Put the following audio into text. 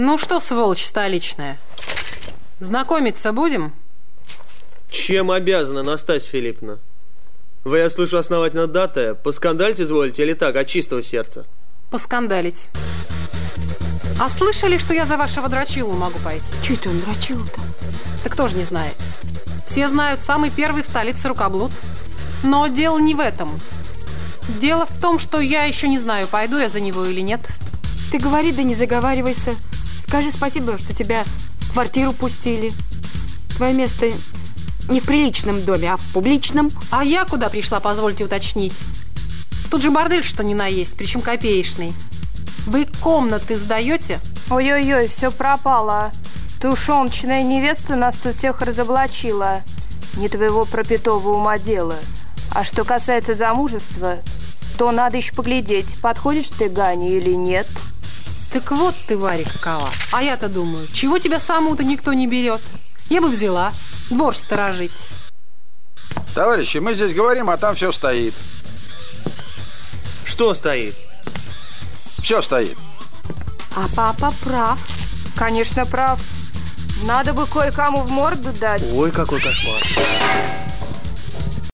Ну что, сволочь столичная, знакомиться будем? Чем обязана, Настасья Филипповна? Вы, я слышу, основательно датая. Поскандалить изволите или так, от чистого сердца? Поскандалить. А слышали, что я за вашего дрочилу могу пойти? Чего это он дрочил-то? Да кто же не знает. Все знают, самый первый в столице рукоблуд. Но дело не в этом. Дело в том, что я еще не знаю, пойду я за него или нет. Ты говори, да не заговаривайся. Скажи спасибо, что тебя в квартиру пустили. Твое место не в приличном доме, а в публичном. А я куда пришла, позвольте уточнить? Тут же бордель, что ни на есть, причем копеечный. Вы комнаты сдаете? Ой-ой-ой, все пропало. Ты ушелночная невеста нас тут всех разоблачила. Не твоего пропитого ума дело. А что касается замужества, то надо еще поглядеть, подходишь ты Гане или нет. Так вот ты, Варя, какова. А я-то думаю, чего тебя саму-то никто не берет? Я бы взяла. Двор сторожить. Товарищи, мы здесь говорим, а там все стоит. Что стоит? Все стоит. А папа прав. Конечно, прав. Надо бы кое-кому в морду дать. Ой, какой кошмар.